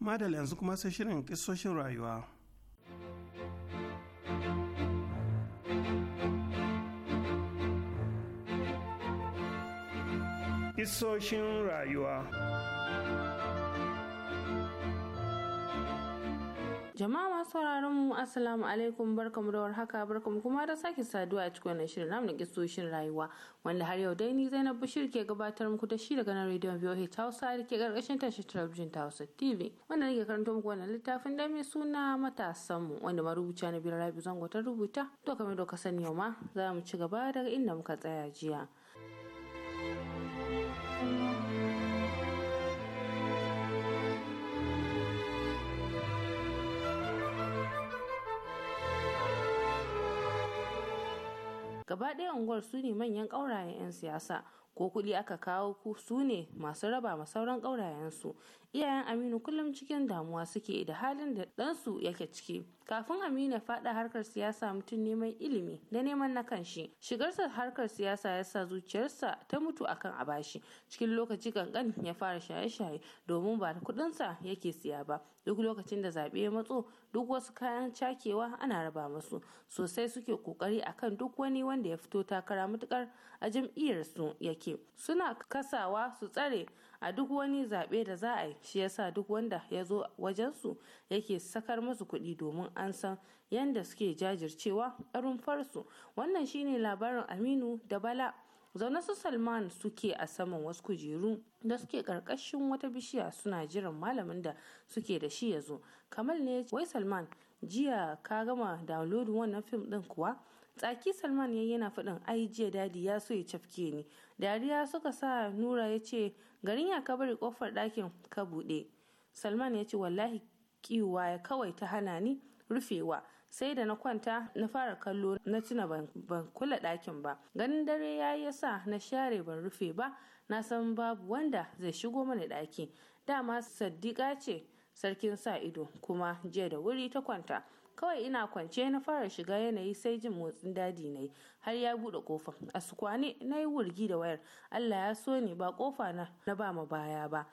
madal yanzu kuma sai shirin kisoshin rayuwa hissoshin rayuwa. Jama'a masu sauraron mu Assalamu alaikum barkamu da warhaka barkamu kuma da sake saduwa a cikin wannan shirin namu kisoshin rayuwa wanda har yau dai ni Zainab Bashir ke gabatar muku da shi daga nan rediyon VOH Hausa da ke karkashin tashar talabijin ta Hausa TV wanda nake karanto muku wannan littafin da mai suna matasan mu wanda marubuciya na Rabi Zango ta rubuta to kamar da ka sani yau ma za mu ci gaba daga inda muka tsaya jiya. gaba ɗaya unguwar su ne manyan ƙaurayen 'yan siyasa ko kuɗi aka kawo ku su ne masu raba ma sauran ƙaurayensu iyayen aminu kullum cikin damuwa suke da halin da ɗansu yake ciki kafin aminu faɗa harkar siyasa mutum neman ilimi da neman na kan kanshi shigarsa harkar siyasa ya sa zuciyarsa ta mutu akan abashi cikin lokaci kankan ya fara shaye-shaye domin ba kuɗinsa yake siya ba duk lokacin da zaɓe ya matso duk wasu kayan cakewa ana raba masu sosai suke kokari akan duk wani wanda ya fito takara matukar a jam'iyyar su yake suna kasawa su tsare a duk wani zaɓe da za a yi shi yasa duk wanda ya zo wajensu yake sakar masu kuɗi domin an san yadda suke jajircewa ƙarfin farsu wannan shine labarin aminu da bala zaune su salman suke a saman wasu kujeru da suke karkashin wata bishiya suna jiran malamin da suke da shi ya zo kamal ne wai salman jiya ka gama download wannan fim din kuwa tsaki salman ya yana faɗin ai jiya dadi ya so ya cafke ni dariya suka sa nura ya ce garin ya ka bari kofar ɗakin ka buɗe salman ya ce wallahi kiwa ya kawai ta hana ni rufewa sai da na kwanta na fara kallo na tuna ban kula ɗakin ba ganin dare ya yi sa na share ban rufe ba na san babu wanda zai shigo mana ɗaki dama saddiƙa ce sarkin sa ido kuma jiya da wuri ta kwanta kawai ina kwance na fara shiga yanayi sai jin motsin dadi na yi har ya bude kofa a sukwane na yi wurgi da wayar allah ya so ne ba kofa na na ba ma baya ba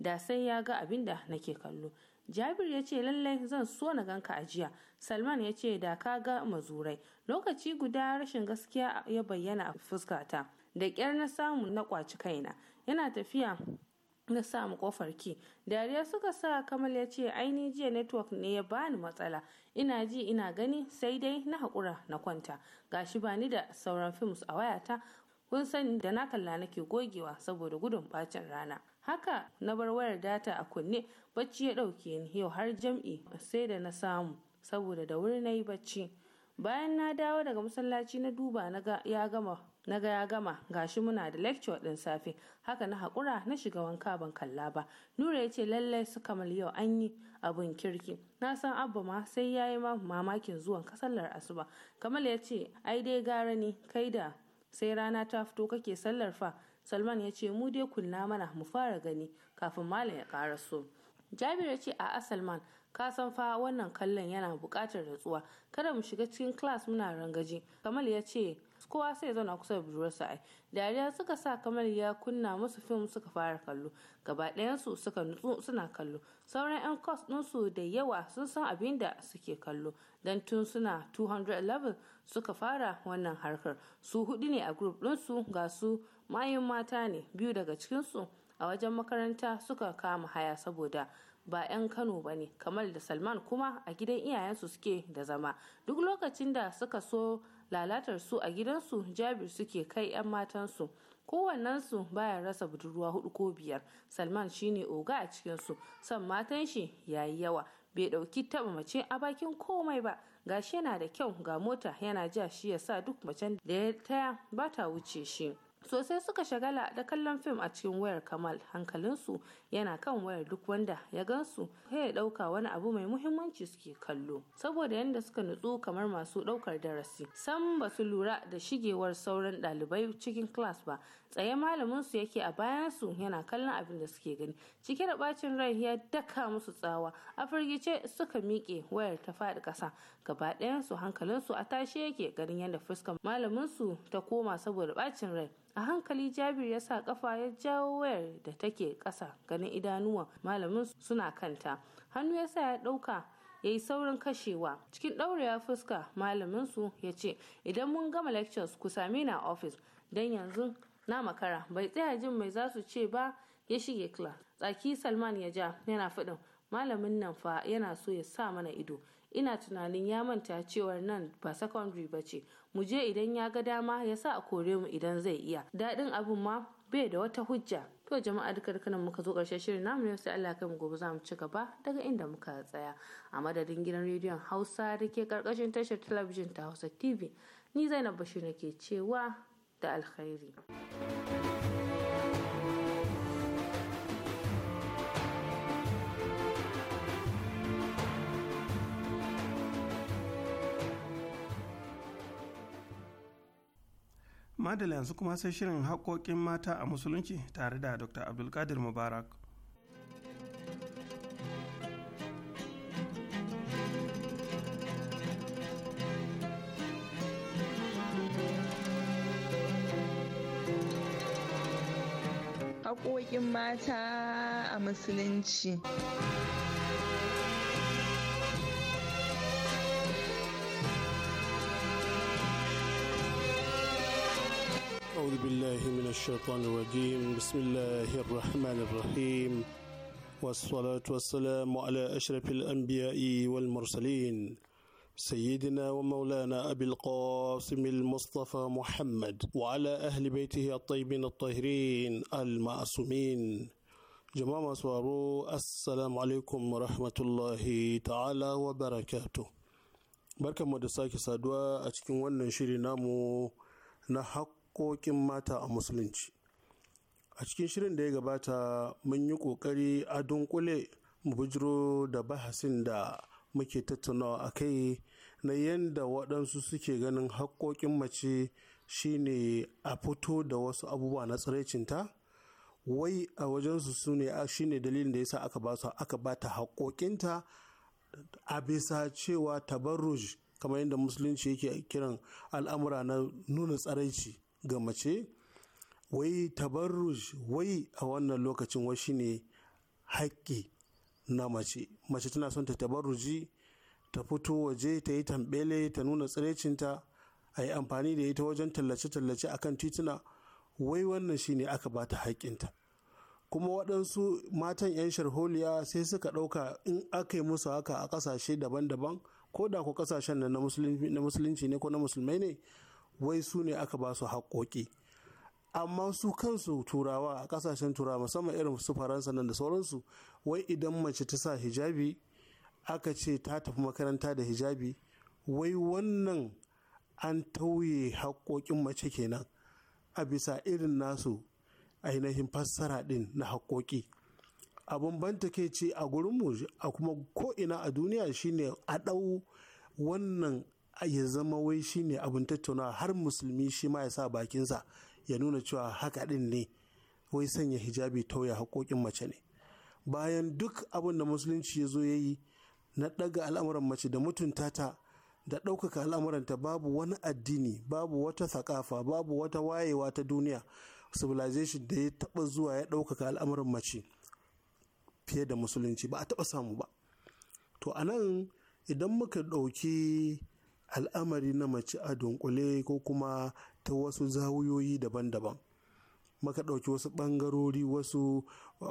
da sai ya ga abin da nake kallo jabir ya ce lallai zan so na ganka a jiya salman ya ce da ka ga mazurai lokaci guda rashin gaskiya ya bayyana a fuskata da ƙyar na samu na kwaci kaina yana tafiya na samu kofar ki dariya suka sa kamal ya ce aini jiya network ne ya bani matsala ina ji ina gani sai dai na haƙura na kwanta gashi ba ni da sauran films a wayata kun sani da na kalla nake gogewa saboda gudun bacin rana haka na bar wayar data a kunne bacci ya ɗauke ni yau har jam'i sai da na samu saboda da wuri na yi bacci bayan na dawo daga masallaci na duba ya gama ga ya gama gashi muna da lecture din safe haka na hakura na shiga wanka ban kalla ba nura ya ce lallai su kamal yau an yi abun kirki na san abba ma sai ya yi mamakin zuwan kasallar asuba kamal ya ce ai dai gara ni kai da sai rana ta fito kake sallar fa salman ya ce mu dai kunna mana mu fara gani kafin malam ya karaso jabir ya ce a asalman ka san fa wannan kallon yana buƙatar natsuwa kada mu shiga cikin class muna rangaji kamal ya ce kowa sai zauna kusa da budurwarsa ai dariya suka sa kamar ya kunna musu fim suka fara kallo gaba ɗayansu suka nutsu suna kallo sauran yan kos ɗinsu da yawa sun san abin da suke kallo don tun suna 211 suka fara wannan harkar su hudu ne a group ɗinsu ga su mayin mata ne biyu daga cikinsu a wajen makaranta suka kama haya saboda ba 'yan kano ba ne kamar da salman kuma a gidan iyayensu suke da zama duk lokacin da suka so lalatar su a gidansu jabir suke kai 'yan matansu kowannensu baya rasa budurwa hudu ko biyar salman shine oga a cikin su son matan shi yayi yawa bai dauki taba mace a bakin komai ba gashi yana da kyau ga mota yana ja shi yasa duk macen da ya taya ba ta wuce shi sosai suka shagala da kallon fim a cikin wayar kamal hankalinsu yana kan wayar duk wanda ya gansu sai ya dauka wani abu mai muhimmanci suke kallo saboda yadda suka nutsu kamar masu daukar darasi sam ba su lura da shigewar sauran dalibai cikin class ba tsaye malamin su yake a bayansu yana kallon abin da suke gani cike da bacin rai ya daka musu tsawa a firgice suka miƙe wayar ta faɗi ƙasa gaba ɗayan hankalinsu a tashi yake ganin yadda fuskar malamin su ta koma saboda bacin rai a hankali jabir ya sa kafa ya jawo wayar da take ƙasa ganin idanuwa malamin suna kanta hannu ya sa ya ɗauka ya yi saurin kashewa cikin ɗaurewa fuska malaminsu ya ce idan mun gama lectures ku same ni a office don yanzu na makara bai tsaya jin mai za su ce ba ya shige kila tsaki salman ya ja yana faɗin malamin nan fa yana so ya sa mana ido ina tunanin ya manta cewar nan ba secondary ba ce mu je idan ya ga dama ya sa a kore mu idan zai iya daɗin abun ma bai da wata hujja to jama'a duka dukkanin muka zo ƙarshen shirin namu ne sai Allah kai mu gobe za mu ci gaba daga inda muka tsaya a madadin gidan rediyon Hausa da karkashin tashar talabijin ta Hausa TV ni Zainab Bashir nake cewa da alkhairi. madala yanzu kuma sai shirin haƙoƙin mata a musulunci tare da dr abdulkadir mubarak haƙoƙin mata a musulunci أعوذ بالله من الشيطان الرجيم بسم الله الرحمن الرحيم والصلاة والسلام على أشرف الأنبياء والمرسلين سيدنا ومولانا أبي القاسم المصطفى محمد وعلى أهل بيته الطيبين الطاهرين المعصومين جماعة سوارو السلام عليكم ورحمة الله تعالى وبركاته بركة مدساك da sake saduwa a cikin wannan ماتا namu a cikin shirin da ya gabata mun yi ƙoƙari a dunkule mu bujiro da bahasin da muke tattaunawa a kai na yadda waɗansu suke ganin haƙoƙin mace shine a fito da wasu abubuwa na tsiraicinta wai a wajensu su ne shine dalilin da yasa aka ba aka ba ta haƙoƙinta a bisa cewa tabarruj kamar yadda musulunci yake kiran al'amura na nuna tsaraici ga mace wai tabarruj wai a wannan lokacin wai shine haƙƙi na mace mace tana son ta tabarruji ta fito waje ta yi tambele ta nuna tsirecinta a yi amfani da ita wajen tallace-tallace akan tituna wai wannan shine aka ba ta kuma waɗansu matan 'yan sharholiya sai suka ɗauka in aka yi musu haka a ƙasashe daban-daban ko da ku ƙasashen na musulunci ne ko na musulmai ne wai su ne aka ba su haƙoƙi amma su kansu turawa a kasashen turawa musamman irin su faransa nan da sauransu wai idan mace ta sa hijabi aka ce ta tafi makaranta da hijabi wai wannan an tauye haƙoƙin mace kenan a bisa irin nasu ainihin fassara ɗin na haƙoƙi abin ban ke ce a gurinmu a kuma ko'ina a duniya shine a ɗau wannan ya zama wai shine abin tattaunawa har musulmi shi ma ya sa bakinsa ya nuna cewa haka ɗin ne wai sanya hijabi tauya haƙoƙin mace ne bayan duk abin da musulunci ya zo ya yi na ɗaga al'amuran mace da mutunta ta da ɗaukaka al'amuranta babu wani addini babu wata thakafa babu wata wayewa ta duniya civilization da ya taɓa zuwa ya ɗaukaka al'amuran mace fiye da musulunci ba a taɓa samu ba to a nan idan muka ɗauki al'amari na mace a dunkule ko kuma ta wasu zawuyoyi daban-daban maka ɗauki wasu ɓangarori wasu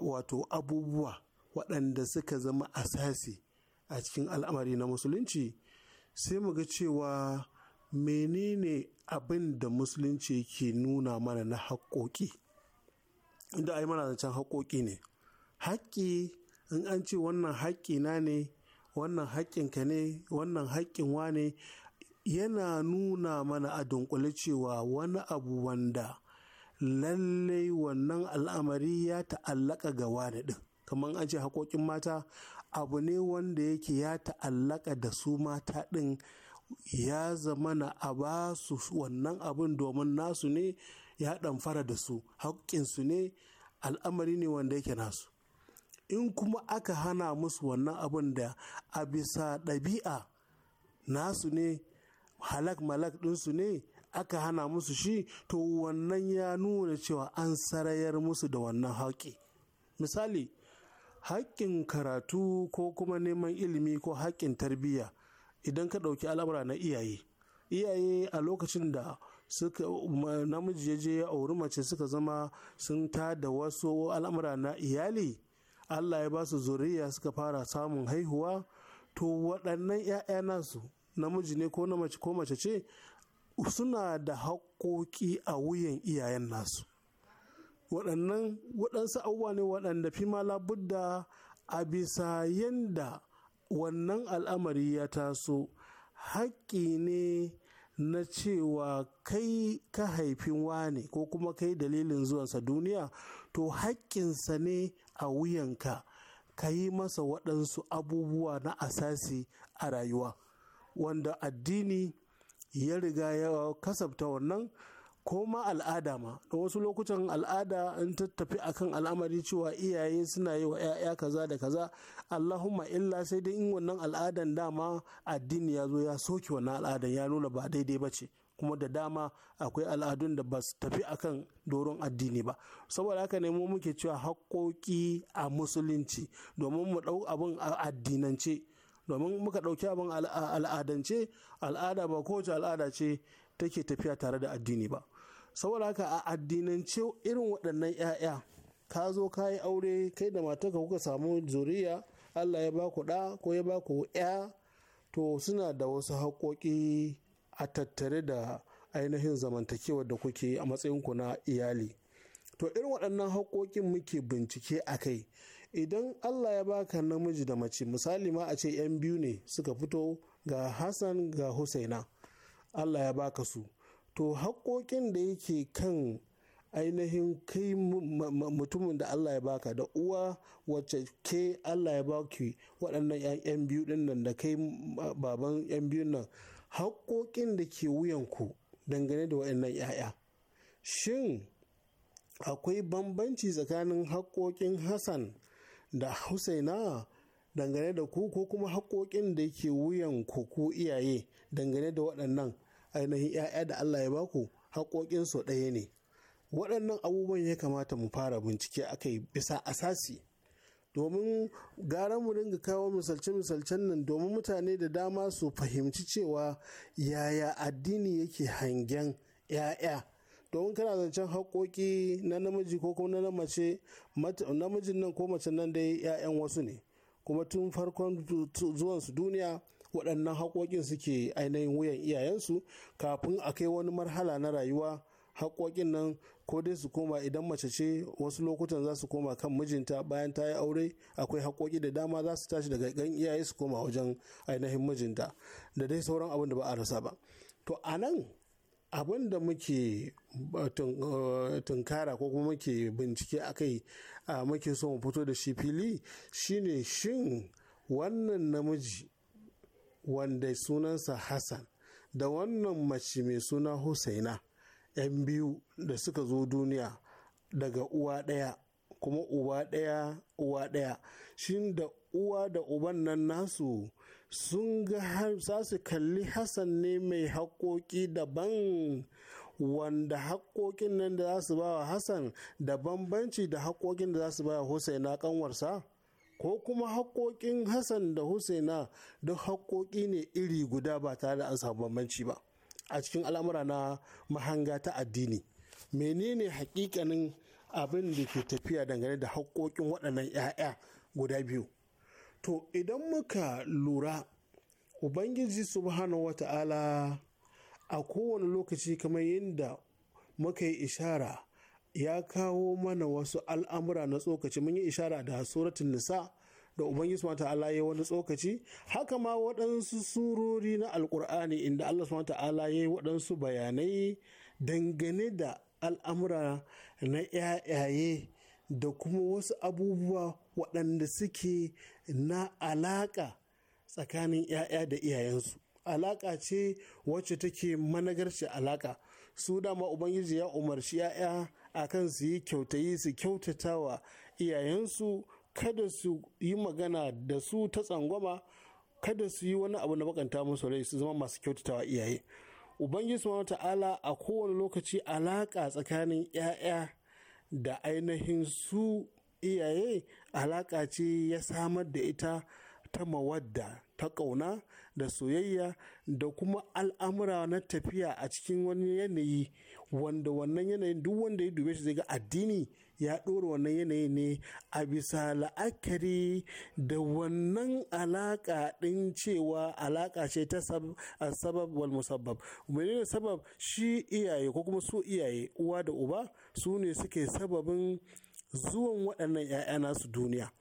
wato abubuwa waɗanda suka zama asasi a cikin al'amari na musulunci sai mu ga cewa menene abin da musulunci ke nuna mana na haƙoƙi inda ai mana zancen haƙoƙi ne haƙƙi in an ce wannan haƙƙina ne wannan haƙƙinka ne wannan haƙƙin ne? yana nuna mana a dunkule cewa wani abu wanda lallai wannan al'amari ya ta'allaka ga wani ɗin kamar an ce haƙoƙin mata abu ne wanda yake ya ta'allaka da su mata ɗin ya zama na a ba su wannan abin domin nasu ne ya ɗamfara da su haƙƙinsu ne al'amari ne wanda yake nasu in kuma aka hana musu wannan abin da a bisa ɗabi'a nasu ne halak malak ɗinsu ne aka hana musu shi to wannan ya nuna cewa an sarayar musu da wannan haƙi misali haƙƙin karatu ko kuma neman ilimi ko haƙƙin tarbiyya idan ka ɗauki al'amura na iyaye iyaye a lokacin da namiji ya je ya auri mace suka zama sun da wasu al'amura na iyali Allah ya ba su zuriya suka fara samun haihuwa to waɗannan 'ya'ya nasu namiji ne ko na mace ko mace ce suna da haƙoƙi a wuyan iyayen nasu waɗannan waɗansu abubuwa ne waɗanda fi ma labudda a bisa yanda wannan al'amari ya taso haƙƙi ne na cewa kai ka haifin wane ko kuma kai dalilin zuwansa duniya to haƙƙinsa ne a wuyanka ka yi masa waɗansu abubuwa na asasi a rayuwa wanda addini ya riga ya kasabta wannan ko ma al'ada ma da wasu lokutan al'ada in ta tafi akan al'amari cewa iyaye suna yi wa 'ya'ya kaza da kaza allahumma illa sai dai in wannan al'adan dama addini ya zo ya soke wannan al'adan ya nuna ba daidai ba ce kuma da dama akwai al'adun da ba su tafi akan doron addini ba saboda haka ne mu muke cewa haƙoƙi a musulunci domin mu ɗau abin a addinance domin muka ɗauki abin al'adance al'ada ba kowace al'ada ce take tafiya tare da addini ba saboda haka a addinance irin waɗannan 'ya'ya ka zo ka yi aure kai da matarka kuka samu zuriya allah ya baku ɗa ko ya baku 'ya to suna da wasu haƙoƙi a tattare da ainihin zamantakewar da kuke a matsayinku na iyali to irin waɗannan haƙoƙin muke bincike a kai idan allah ya baka namiji da mace misali ma a ce 'yan biyu ne suka fito ga hassan ga husaina allah ya baka su to haƙoƙin da yake kan ainihin kai mutumin da allah ya baka da uwa wacce ke allah ya baki waɗannan 'yan biyu ɗin nan da kai baban 'yan biyun nan haƙoƙin da ke wuyanku dangane da waɗannan 'ya'ya shin akwai bambanci tsakanin haƙoƙin hassan da husaina dangane da ku ko kuma haƙoƙin da yake wuyan ku ku iyaye dangane da waɗannan ainihin 'ya'ya da Allah ya baku haƙoƙin su ɗaya ne waɗannan abubuwan ya kamata mu fara bincike akai bisa asasi domin gara mu dinga kawo misalce-misalcen nan domin mutane da dama su fahimci cewa yaya addini yake hangen 'ya'ya domin kana zancen haƙoƙi na namiji ko kuma na mace namijin nan ko mace nan dai 'ya'yan wasu ne kuma tun farkon zuwansu duniya waɗannan haƙoƙin suke ainihin wuyan iyayensu kafin a kai wani marhala na rayuwa haƙoƙin nan ko dai su koma idan mace ce wasu lokutan za su koma kan mijinta bayan ta yi aure akwai haƙoƙi da dama za su tashi daga gan iyaye su koma wajen ainihin mijinta da dai sauran abin da ba a rasa ba to a nan abin da muke uh, tunkara ko kuma muke bincike a kai muke so mu fito da shi fili shine shin wannan namiji wanda sunansa hassan da wannan mace mai suna husaina 'yan biyu da suka zo duniya daga uwa ɗaya kuma uba ɗaya uwa ɗaya shin da uwa da uban nan nasu sun ga za su kalli hassan ne mai haƙoƙi daban wanda haƙoƙin nan da za su ba wa hassan da bambanci da haƙoƙin da za su ba wa husaina ƙanwarsa ko kuma haƙoƙin hassan da husaina duk haƙoƙi ne iri guda ba tare da an samu bambanci ba a cikin al'amura na mahanga ta addini menene haƙiƙanin abin da ke tafiya dangane da haƙoƙin waɗannan 'ya'ya guda biyu to idan muka lura ubangiji subhanahu wa ta'ala a kowane lokaci kamar yadda muka yi ishara ya kawo mana wasu al'amura na tsokaci mun yi ishara da suratun nisa da ubangiji subhanahu ta'ala ya wani tsokaci haka ma waɗansu surori na alkur'ani inda Allah subhanahu ta'ala ya yi waɗansu bayanai dangane da al'amura na yayaye da kuma wasu abubuwa waɗanda suke na alaƙa tsakanin 'ya'ya da iyayensu alaƙa ce wacce take managarci alaƙa su dama ubangiji ya umarci 'ya'ya a kan su yi kyautayi su kyautata wa iyayensu kada su yi magana da su ta tsangwama kada su yi wani abu na bakanta musu rai su zama masu kyautatawa iyaye ubangiji subhanahu ta'ala a kowane lokaci alaƙa tsakanin 'ya'ya da ainihin su iyaye alaƙa ce ya samar da ita ta mawadda ta ƙauna da soyayya da kuma al'amura na tafiya a cikin wani yanayi wanda wannan yanayin duk wanda ya dube shi zai ga addini ya ɗora wannan yanayi ne a bisa la'akari da wannan alaƙa ɗin cewa alaƙa ce ta sabab wal musabbab menene sabab shi iyaye ko kuma su iyaye uwa da uba su ne suke sababin zuwan waɗannan 'ya'ya nasu duniya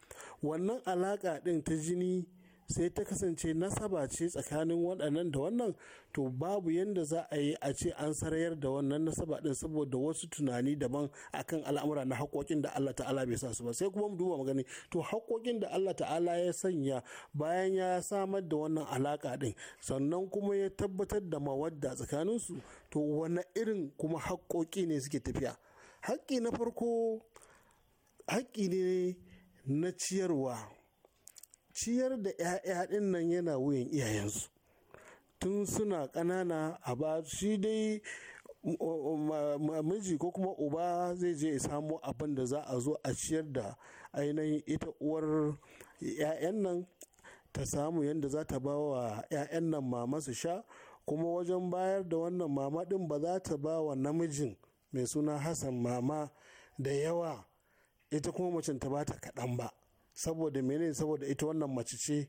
wannan alaƙa ɗin ta jini sai ta kasance nasaba ce tsakanin waɗannan da wannan to babu yadda za a yi a ce an sarayar da wannan nasaba ɗin saboda wasu tunani daban akan al'amura na haƙoƙin da Allah ta'ala bai sa su ba sai kuma mu duba magani to haƙoƙin da Allah ta'ala ya sanya bayan ya samar da wannan alaƙa ɗin sannan kuma ya tabbatar da mawadda tsakaninsu to wani irin kuma haƙoƙi ne suke tafiya haƙƙi na farko haƙƙi ne na ciyarwa ciyar da 'ya'ya ɗin nan yana wuyan iyayensu tun suna ƙanana a ba shi dai miji ko kuma uba zai je ya samo abin da za a zo a ciyar da ainihin ita uwar 'ya'yan nan ta samu yadda za ta ba wa 'ya'yan nan mama su sha kuma wajen bayar da wannan mama ɗin ba za ta ba wa namijin mai suna hassan mama da yawa ita kuma macen ta bata kaɗan ba saboda mene saboda ita wannan mace ce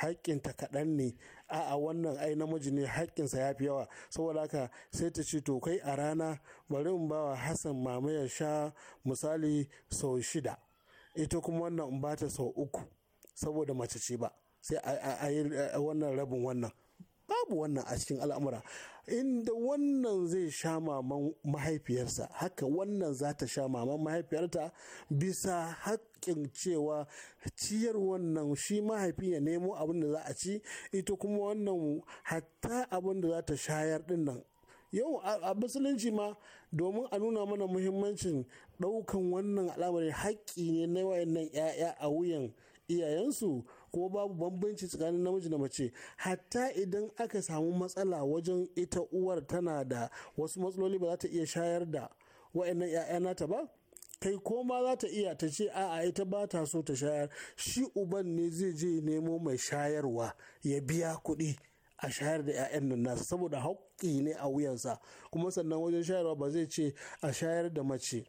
haƙƙinta kaɗan ne a'a wannan ai namiji ne haƙƙinsa ya fi yawa saboda haka sai ta ce to kai a rana bari in wa hassan mama ya sha misali sau shida ita kuma wannan in bata sau uku saboda mace ce ba sai a yi wannan rabin wannan babu wannan a cikin al'amura inda wannan zai sha maman mahaifiyarsa haka wannan za ta sha maman mahaifiyarta bisa haƙƙin cewa ciyar wannan shi mahaifi ya nemo abin da za a ci ita kuma wannan hatta abin da za ta shayar dinnan yau a musulunci ma domin a nuna mana muhimmancin ɗaukan wannan al'amari haƙƙi ne na wayannan 'ya'ya a wuyan iyayensu ko babu bambanci tsakanin namiji da mace hatta idan aka samu matsala wajen ita uwar tana da wasu matsaloli ba za ta iya shayar da wa'annan 'ya'ya nata ba kai ko ma za ta iya ta ce a'a ita ba ta so ta shayar shi uban ne zai je nemo mai shayarwa ya biya kuɗi a shayar da 'ya'yan nan nasa saboda haƙƙi ne a wuyansa kuma sannan wajen shayarwa ba zai ce a shayar da mace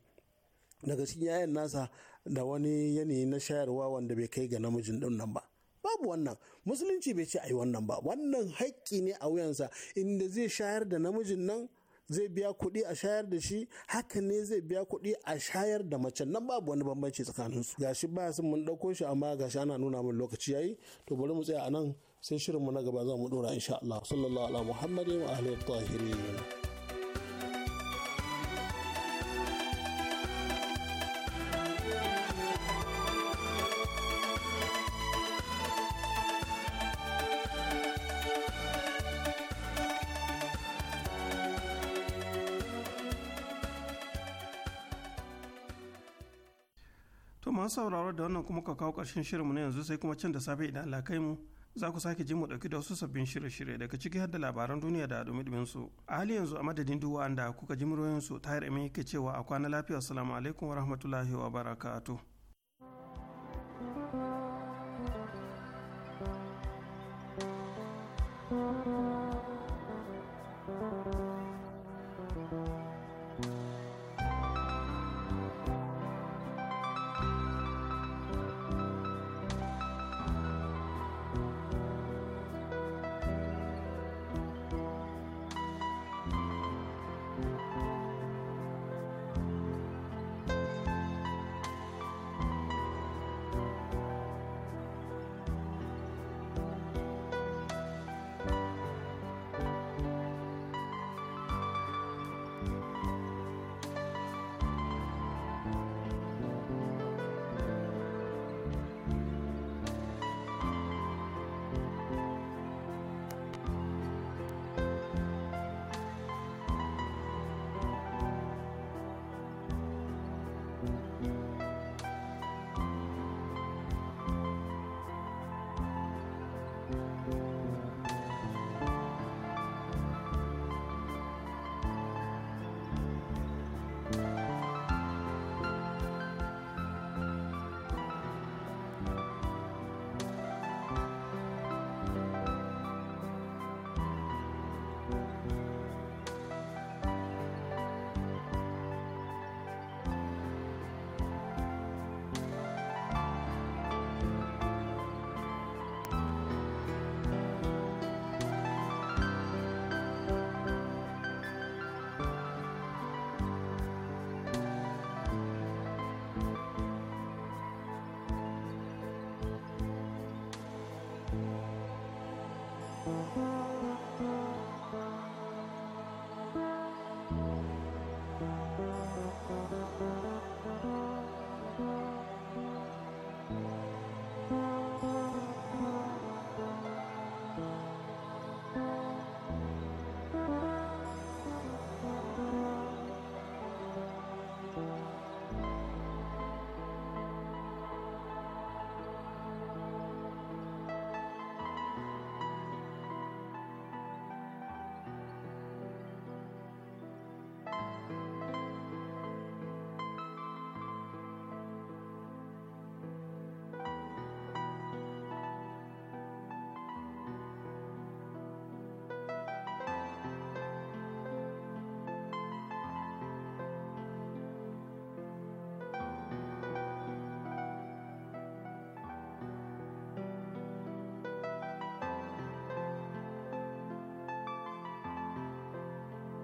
daga cikin 'ya'yan nasa da wani yanayi na shayarwa wanda bai kai ga namijin ɗin nan ba babu wannan musulunci bai ce a wannan ba wannan haƙƙi ne a wuyansa inda zai shayar da namijin nan zai biya kuɗi a shayar da shi haka ne zai biya kuɗi a shayar da mace nan babu wani bambanci tsakanin su gashi ba sun mun ɗauko shi amma gashi ana nuna min lokaci yayi to bari mu tsaya a nan sai mu na gaba za mu ɗora insha Allah sallallahu alaihi wa alihi tahirin sauraro da wannan kuma ka kawo ƙarshen shirinmu na yanzu sai kuma can da safe idan Allah kai mu za ku sake jin mu dauki da wasu sabbin shirye-shirye daga ciki har da labaran duniya da dumi su a hali yanzu a madadin duk wanda kuka ji muryoyin su tayar emin yake cewa a kwana lafiya assalamu alaikum wa rahmatullahi wa barakatu. thank you